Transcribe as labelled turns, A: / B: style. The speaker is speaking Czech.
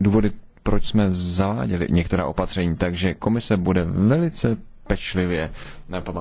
A: důvody, proč jsme zaváděli některá opatření. Takže komise bude velice pečlivě